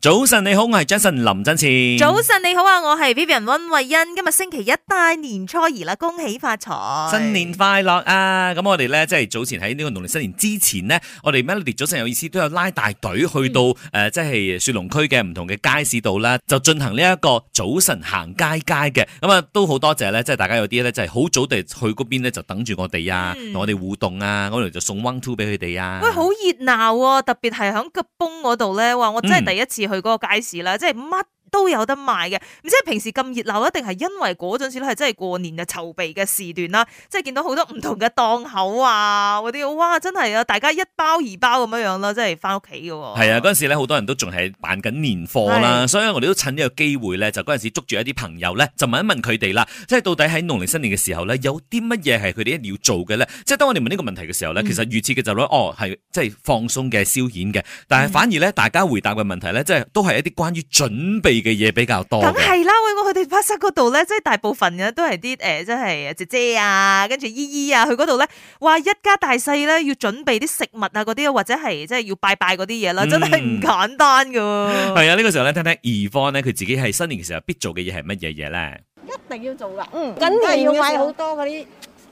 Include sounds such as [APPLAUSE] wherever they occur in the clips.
早晨你好，我係 Jason 林振前。早晨你好啊，我係 Vivian 溫慧欣。今日星期一，大年初二啦，恭喜發財！新年快樂啊！咁我哋咧，即係早前喺呢個農曆新年之前呢，我哋 Melody 早晨有意思都有拉大隊去到誒、嗯呃，即係雪龍區嘅唔同嘅街市度啦，就進行呢一個早晨行街街嘅。咁、嗯、啊、嗯，都好多謝咧，即係大家有啲咧，即係好早地去嗰邊咧，就等住我哋啊，同、嗯、我哋互動啊，我哋就送 one two 俾佢哋啊。喂，好熱鬧啊！特別係響吉崩嗰度咧，哇，我真係第一次、嗯。佢嗰個街市啦，即係乜？都有得賣嘅，唔知係平時咁熱鬧，一定係因為嗰陣時咧係真係過年嘅籌備嘅時段啦，即係見到好多唔同嘅檔口啊，嗰啲哇，真係啊，大家一包二包咁樣樣啦，即係翻屋企嘅。係啊，嗰陣、啊、時咧好多人都仲係辦緊年貨啦、啊，所以我哋都趁個機呢個機會咧，就嗰陣時捉住一啲朋友咧，就問一問佢哋啦，即係到底喺農曆新年嘅時候咧，有啲乜嘢係佢哋一定要做嘅咧？即係當我哋問呢個問題嘅時候咧、嗯，其實預設嘅就諗，哦係即係放鬆嘅消遣嘅，但係反而咧、嗯、大家回答嘅問題咧，即係都係一啲關於準備。嘅嘢比較多，梗係啦，我佢哋拍攝嗰度咧，即係大部分嘅都係啲誒，即、呃、係、就是、姐姐啊，跟住姨姨啊，去嗰度咧，話一家大細咧要準備啲食物啊，嗰啲或者係即係要拜拜嗰啲嘢啦，嗯、真係唔簡單噶、嗯。係啊，呢個時候咧，聽聽二方咧，佢自己係新年嘅時候必做嘅嘢係乜嘢嘢咧？一定要做噶，嗯，梗係要買好多嗰啲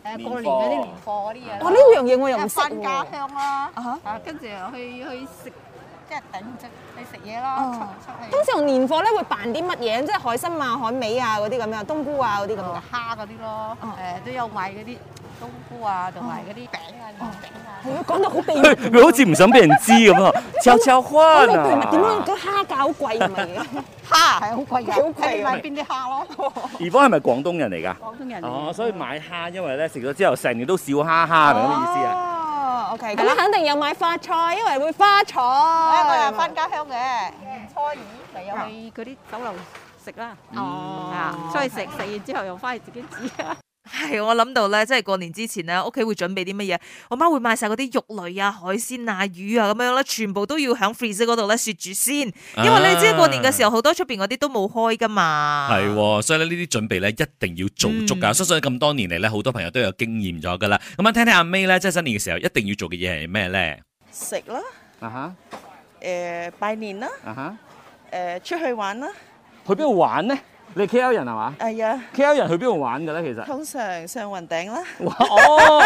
誒過年嗰啲年貨嗰啲嘢。哇、哦，呢樣嘢我又唔識。返家鄉啦、啊啊，跟住去去食。即係頂即食嘢咯，出去。啊、通常年貨咧，會扮啲乜嘢？即係海參啊、海味啊嗰啲咁樣，冬菇啊嗰啲咁嘅，蝦嗰啲咯。誒都有買嗰啲冬菇啊，同埋嗰啲餅、嗯、啊、魚餅 [LAUGHS] [LAUGHS] 啊。係啊，講到好秘密，佢好似唔想俾人知咁啊，悄悄話啊。嗰對物點解蝦價好貴咁啊？ [LAUGHS] 蝦係好 [LAUGHS] 貴㗎。好貴咪邊啲蝦咯？兒方係咪廣東人嚟㗎？廣東人。哦，所以買蝦，因為咧食咗之後成年都笑哈哈，明唔明意思啊？咁、okay，肯定有買花菜，因為會花菜。我、嗯、又翻家鄉嘅，初二咪有去嗰啲酒樓食啦。哦、oh.，出去食，食完之後，又翻去自己煮。 [LAUGHS] 係，我諗到咧，即係過年之前咧，屋企會準備啲乜嘢？我媽會買晒嗰啲肉類啊、海鮮啊、魚啊咁樣啦，全部都要喺 freezer 嗰度咧雪住先，因為咧即係過年嘅時候，好多出邊嗰啲都冇開噶嘛。係，所以咧呢啲準備咧一定要做足噶。相信咁多年嚟咧，好多朋友都有經驗咗噶啦。咁我聽聽阿 May 咧，即係新年嘅時候一定要做嘅嘢係咩咧？食啦，啊哈，誒拜年啦，啊哈，誒出去玩啦，去邊度玩咧？你 K L 人係嘛？係啊。K L 人去邊度玩㗎咧？其實通常上雲頂啦。哦、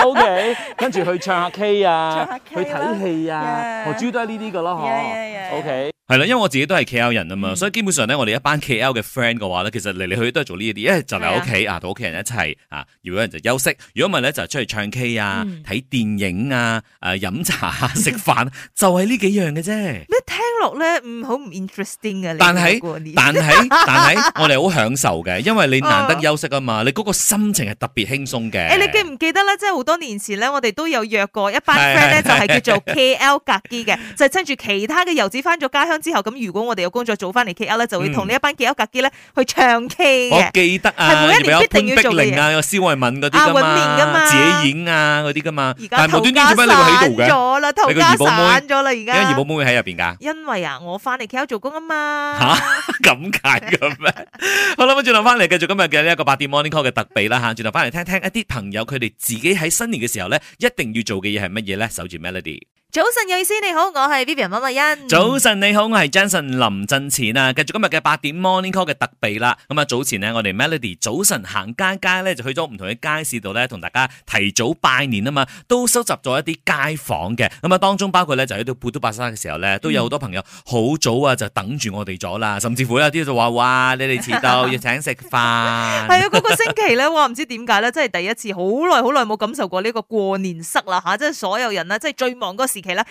oh，OK。 [LAUGHS] 跟住去唱下 K 啊，K 去睇戲啊，我、yeah. 要都係呢啲㗎咯，嗬、yeah, yeah。Yeah, yeah. OK。係啦，因為我自己都係 K L 人啊嘛、嗯，所以基本上咧，我哋一班 K L 嘅 friend 嘅話咧，其實嚟嚟去去都係做呢一啲，一係就嚟屋企啊，同屋企人一齊啊，如果有人就休息，如果唔係咧就出去唱 K 啊、睇、嗯、電影啊、誒、呃、飲茶食、啊、飯， [LAUGHS] 就係呢幾樣嘅啫、嗯。你聽落咧，唔好唔 interesting 嘅。但係， [LAUGHS] 但係，但係，我哋屋。享受嘅，因為你難得休息啊嘛，你嗰個心情係特別輕鬆嘅。誒，你記唔記得咧？即係好多年前咧，我哋都有約過一班 friend 咧，就係叫做 K L 格機嘅，就趁住其他嘅遊子翻咗家鄉之後，咁如果我哋有工作做翻嚟 K L 咧，就會同呢一班 K L 格機咧去唱 K 嘅。我記得啊，係每一年必定要做嘅，有潘碧玲啊，有蕭愛敏嗰啲噶嘛，自己演啊嗰啲噶嘛。而家突然間做乜你喺度嘅？我啦，頭家散咗啦，而家。因為二寶妹會喺入邊噶。因為啊，我翻嚟 K L 做工啊嘛。吓，咁解㗎咩？ [LAUGHS] 好啦，我轉頭翻嚟繼續今日嘅呢一個八點 morning call 嘅特備啦吓，轉頭翻嚟聽聽一啲朋友佢哋自己喺新年嘅時候咧，一定要做嘅嘢係乜嘢咧？守住 melody。早晨，有意思你好，我係 Vivian 馬慧欣。早晨你好，我係 Jason 林振前啊。繼續今日嘅八點 Morning Call 嘅特備啦。咁啊早前呢，我哋 Melody 早晨行街街咧，就去咗唔同嘅街市度咧，同大家提早拜年啊嘛，都收集咗一啲街坊嘅。咁啊當中包括咧，就喺到富都巴剎嘅時候咧，都有好多朋友好早啊就等住我哋咗啦。甚至乎有啲就話哇，你哋遲到要請食飯。係 [LAUGHS] 啊， [LAUGHS] [LAUGHS] 嗰個星期咧，我唔知點解咧，真係第一次好耐好耐冇感受過呢個過年塞啦吓，即、啊、係所有人啊，即係最忙嗰時期啦，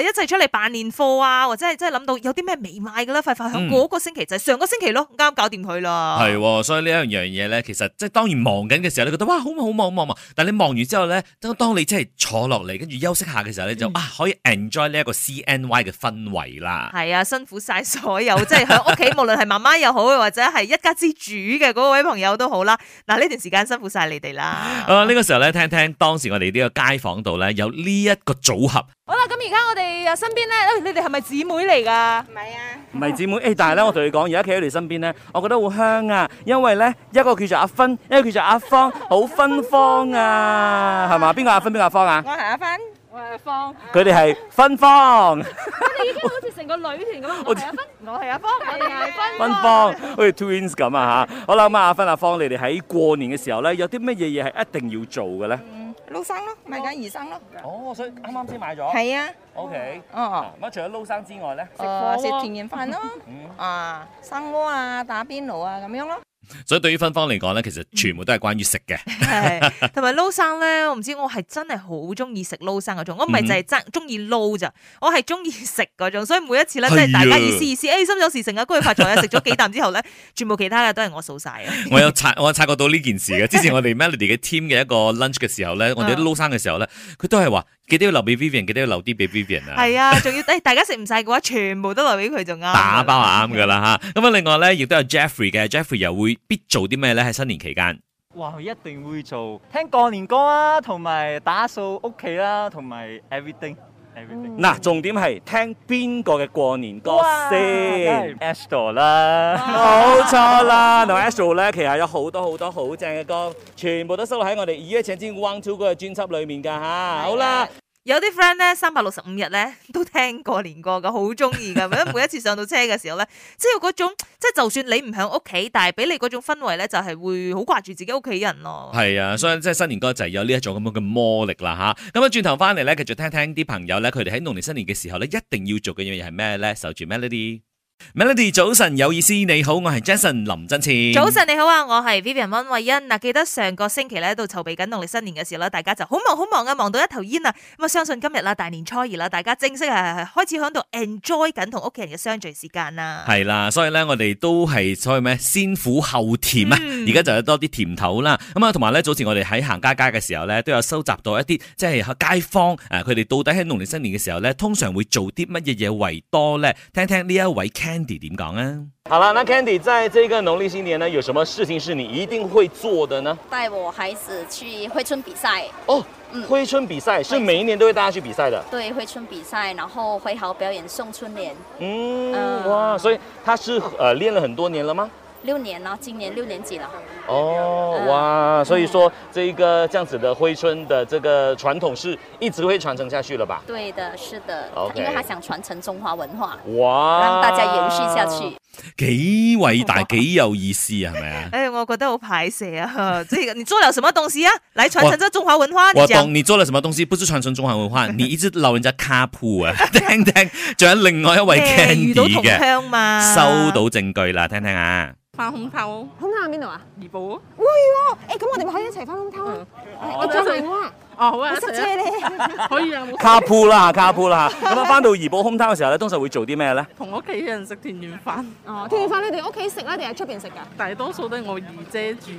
一齊出嚟辦年貨啊，或者係真係諗到有啲咩未買㗎啦，快快響嗰個星期、嗯、就係、是、上個星期咯，啱搞掂佢啦。係，所以呢一樣嘢咧，其實即係當然忙緊嘅時候，你覺得哇好忙好忙好忙，但你忙完之後咧，當你真係坐落嚟跟住休息下嘅時候咧，你就、嗯啊、可以 enjoy 呢一個 CNY 嘅氛圍啦。係啊，辛苦晒所有，即係喺屋企， [LAUGHS] 無論係媽媽又好，或者係一家之主嘅嗰位朋友都好啦。嗱，呢段時間辛苦晒你哋啦。啊，呢、呢個時候咧，聽聽當時我哋呢個街坊度咧，有呢一個組合。好啦，咁而家我哋啊身邊咧，誒，你哋係咪姊妹嚟噶？唔係啊，唔係姊妹，誒，但係咧，我同你講，而家企喺你身邊咧，我覺得好香啊，因為咧，一個叫做阿芬，一個叫做阿芳，好芬芳啊，係嘛？邊個阿芬？邊個阿芳啊？我係阿芬，我係阿芳，佢哋係芬芳。佢哋已經好似成個女團咁。我係阿芬，我係阿芳，我哋係芬芳，好似 Twins 咁啊吓。好啦，咁啊，阿芬阿芳，你哋喺過年嘅時候咧，有啲乜嘢嘢係一定要做嘅咧？撈生咯，買架魚生咯。哦、oh，所以啱啱先買咗。係啊。O K。哦。咁除咗撈生之外咧？Uh, 食食團圓飯咯。嗯 [LAUGHS] 啊，生鍋啊，打邊爐啊，咁樣咯。所以對於芬芳嚟講咧，其實全部都係關於食嘅，同埋撈生咧。我唔知我係真係好中意食撈生嗰種，我唔係就係真中意撈咋，嗯、我係中意食嗰種。所以每一次咧，即係大家意思意思，誒、啊哎，心想事成啊，恭喜發財啊！食咗幾啖之後咧， [LAUGHS] 全部其他嘅都係我掃晒啊。我有察，我察覺到呢件事嘅。之前我哋 Melody 嘅 team 嘅一個 lunch 嘅時候咧， [LAUGHS] 我哋都撈生嘅時候咧，佢都係話。記得要留俾 Vivian，記得要留啲俾 Vivian 啊！係啊，仲要誒，大家食唔晒嘅話，全部都留俾佢，仲啱。打包係啱噶啦吓，咁啊，另外咧，亦都有 Jeffrey 嘅，Jeffrey 又會必做啲咩咧？喺新年期間，哇，佢一定會做聽過年歌啊，同埋打掃屋企啦、啊，同埋 everything。嗱、嗯，重點係聽邊個嘅過年歌先。Astro 啦，冇 [LAUGHS] 錯啦。嗱 [LAUGHS] Astro 呢，咧，其實有好多好多好正嘅歌，全部都收喺我哋《二一唱千萬曲》嘅專輯裏面㗎嚇。好啦。有啲 friend 咧，三百六十五日咧都聽過年歌嘅，好中意嘅，每一次上到車嘅時候咧，即係嗰種，即係就算你唔響屋企，但係俾你嗰種氛圍咧，就係會好掛住自己屋企人咯。係啊，所以即係新年歌就係有呢一種咁樣嘅魔力啦，吓。咁啊，轉頭翻嚟咧，繼續聽聽啲朋友咧，佢哋喺農曆新年嘅時候咧，一定要做嘅嘢係咩咧？守住 melody。Melody，早晨有意思，你好，我係 Jason 林振前。早晨你好啊，我係 Vivian 溫慧欣。嗱，記得上個星期咧喺度籌備緊農曆新年嘅時候咧，大家就好忙好忙啊，忙到一頭煙啊。咁啊，相信今日啦，大年初二啦，大家正式係開始響度 enjoy 緊同屋企人嘅相聚時間啦。係啦，所以咧我哋都係所謂咩先苦後甜啊，而、嗯、家就有多啲甜頭啦。咁啊，同埋咧早前我哋喺行街街嘅時候咧，都有收集到一啲即係街坊誒，佢哋到底喺農曆新年嘅時候咧，通常會做啲乜嘢嘢為多咧？聽聽呢一位。Candy 點講呢？好了，那 Candy 在這個農曆新年呢，有什麼事情是你一定會做的呢？帶我孩子去揮春比賽哦，比賽。嗯，揮春比賽是每一年都會帶大家去比賽的。對，揮春比賽，然後揮毫表演，送春聯。嗯、呃，哇，所以他是呃練了很多年了嗎？六年了，啊，今年六年級了。哦、嗯、哇，所以說這一個這樣子的徽村的這個傳統是一直會傳承下去了吧？對的，是的，okay. 因為他想傳承中華文化，哇，讓大家延續下去，幾偉大，幾有意思係咪啊？哎、 [LAUGHS] 欸、我覺得好排泄啊！這 [LAUGHS] 個你做了什麼東西啊？來傳承這中華文化？我懂你，你做了什麼東西，不是傳承中華文化， [LAUGHS] 你一直老人家卡鋪啊！ [LAUGHS] 聽聽，仲有另外一位 candy 嘅、欸、遇到同鄉嘛？收到證據啦，聽聽下，翻空頭，空頭邊度啊？ [LAUGHS] 會喎，誒咁我哋咪可以一齊翻空灘，我做埋我啊，哦好啊，塞車咧，可以啊，卡鋪啦嚇，卡鋪啦嚇，咁啊翻到怡保空灘嘅時候咧，通常會做啲咩咧？同屋企人食團圓飯，哦，團圓飯你哋屋企食咧，定係出邊食噶？大多數都係我姨姐煮，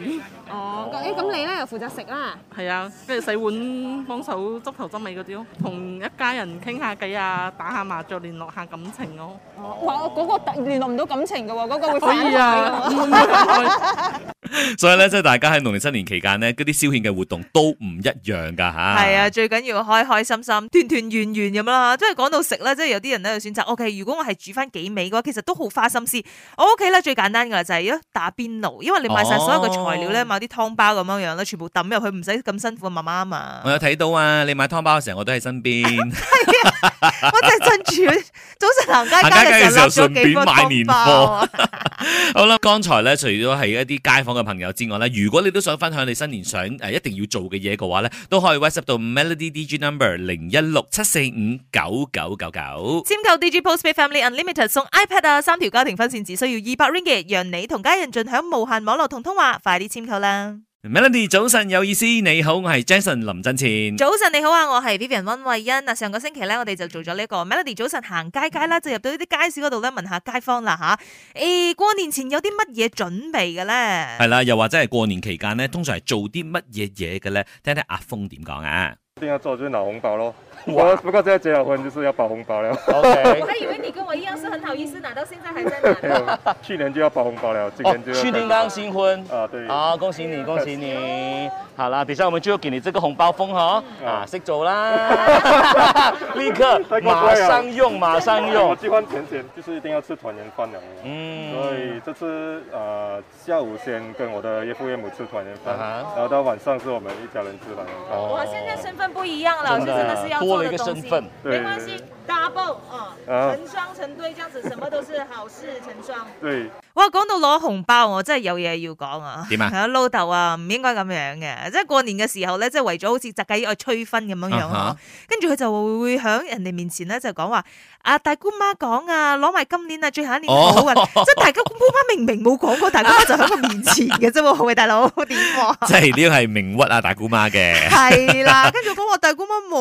哦，誒咁你咧又負責食啦，係啊，跟住洗碗，幫手執頭執尾嗰啲咯，同一家人傾下偈啊，打下麻雀，聯絡下感情咯。我嗰個聯絡唔到感情嘅喎，嗰個會可以啊。所以咧，即係大家喺農曆新年期間咧，嗰啲消遣嘅活動都唔一樣噶吓。係啊，最緊要開開心心、團團圓圓咁啦。即係講到食咧，即係有啲人咧就選擇 OK。如果我係煮翻幾味嘅話，其實都好花心思。我屋企咧最簡單噶啦，就係咧打邊爐，因為你買晒所有嘅材料咧，哦，買啲湯包咁樣樣咧，全部抌入去，唔使咁辛苦嘅媽媽啊嘛。我有睇到啊，你買湯包嘅時候，我都喺身邊。係 [LAUGHS] 啊，我真係趁住早晨行街街嘅時候，順便買年貨。年 [LAUGHS] 好啦，啊，剛才咧，除咗係一啲街坊。朋友之外咧，如果你都想分享你新年想、呃、一定要做嘅嘢嘅話咧，都可以 WhatsApp 到 Melody DG Number 零一六七四五九九九九，簽購 Digi Postpaid Family Unlimited 送 iPad 啊，三條家庭分線只需要二百 Ringgit，讓你同家人盡享無限網絡同通話，快啲簽購啦！Melody 早晨有意思，你好，我係 Jason 林振前。早晨你好啊，我係 Vivian 溫慧欣啊。上個星期咧，我哋就做咗呢個 Melody 早晨行街街啦，就入到呢啲街市嗰度咧，問下街坊啦吓。誒，過年前有啲乜嘢準備嘅咧？係啦，又或者係過年期間咧，通常係做啲乜嘢嘢嘅咧？聽聽阿峰點講啊？邊個做啲牛哄爆咯？我不過現在結了婚，就是要包紅包了，okay。 [LAUGHS] 我還以為你跟我一樣是很好意思拿，到現在還在拿。 [LAUGHS] 去年就要包紅包了，今年就要。去年剛新婚。啊對。好，恭喜你，恭喜你。 [LAUGHS] 好啦，等一下我們就要給你這個紅包封哈。啊，識、啊、走啦。 [LAUGHS] [LAUGHS] 立刻，馬上用，馬上用。我喜歡團年就是一定要吃團圓飯了。嗯。所以這次呃下午先跟我的岳父岳母吃團圓飯，uh-huh，然後到晚上是我們一家人吃團圓飯。Uh-huh、我飯，oh. oh. 現在身份不一樣了，真就真的是要。多了一個身份，沒關係，double 啊，成雙成對這樣子，什麼都是好事，成雙。 [LAUGHS] 對。哇，講到攞紅包，我真係有嘢要講啊！點啊，啊，老豆、uh-huh. 啊，唔應該咁樣嘅，oh. 即係過年嘅時候咧，即係為咗好似宅雞要去催婚咁樣樣。跟住佢就會響人哋面前咧就講話，啊大姑媽講啊，攞埋今年啊，最後一年好啊！即係大姑姑媽明明冇講過，大姑佢就喺佢面前嘅啫，喂 [LAUGHS] 大佬，點啊？即係呢個係名屈啊大姑媽嘅，係 [LAUGHS] 啦。跟住我講，我大姑媽冇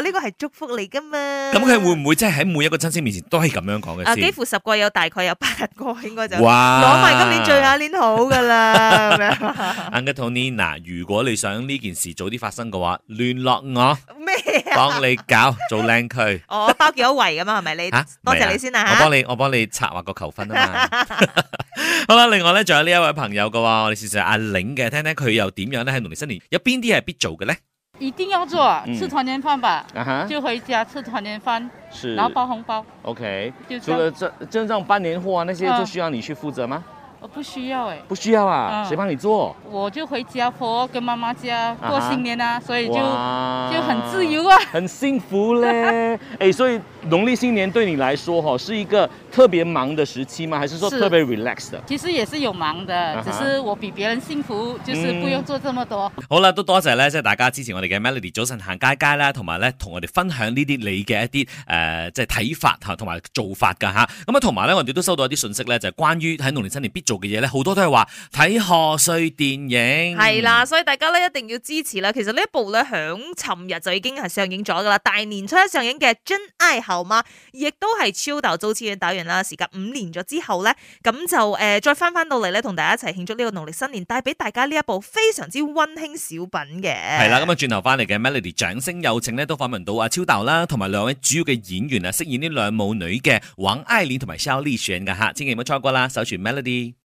喎，呢個係祝福嚟噶嘛？咁佢會唔會即係喺每一個親戚面前都係咁樣講嘅？啊，幾乎十個有大概有八個應該就哇。攞埋今年最下年好噶啦，咁 [LAUGHS] 樣。Uncle Tony 如果你想呢件事早啲發生嘅話，聯絡我，咩、啊？幫你搞做靚區 [LAUGHS] ，我包幾多圍咁嘛，係咪你、啊、多謝你先啊！我幫你，我幫你策劃個求婚啊嘛。 [LAUGHS] [LAUGHS] 好啦，另外咧，仲有呢一位朋友嘅話，我哋試試阿玲嘅，聽聽佢又點樣咧？喺農曆新年有邊啲係必做嘅咧？一定要做、嗯、吃團年飯吧、啊，就回家吃團年飯，然後包紅包。OK，就這樣，除了真真正辦年貨啊那些，就需要你去負責嗎？嗯不需要、欸、不需要啊、嗯，誰幫你做？我就回家婆跟媽媽家過新年啊，uh-huh. 所以就、uh-huh. 就很自由啊，很幸福嘞、 [LAUGHS] 欸、所以農曆新年對你來說，哈，是一個特別忙的時期嗎？還是說是特別 relax 的？其實也是有忙的，uh-huh. 只是我比別人幸福，就是不用做這麼多。嗯、好啦，都多謝咧，即係大家支持我哋嘅 Melody 早晨行街街啦，同埋咧同我哋分享呢啲你嘅一啲誒，即係睇法啊，同埋做法噶吓。咁啊，同埋咧，我哋都收到一啲信息咧，就係、關於喺農曆新年必做嘅嘢咧，好多都係話睇賀歲電影係啦，所以大家咧一定要支持啦。其實呢一部咧響尋日就已經係上映咗噶啦。大年初一上映嘅《真愛後媽》亦都係超豆早前打完啦，時隔五年咗之後咧，咁就誒再翻翻到嚟咧，同大家一齊慶祝呢個農曆新年，帶俾大家呢一部非常之溫馨小品嘅。係啦，咁啊轉頭翻嚟嘅 Melody 掌聲有請呢都訪問到阿超豆啦，同埋兩位主要嘅演員啊，飾演呢兩母女嘅王愛蓮同埋 Shirley 肖麗璇嘅吓，千祈唔好錯過啦，守住 Melody。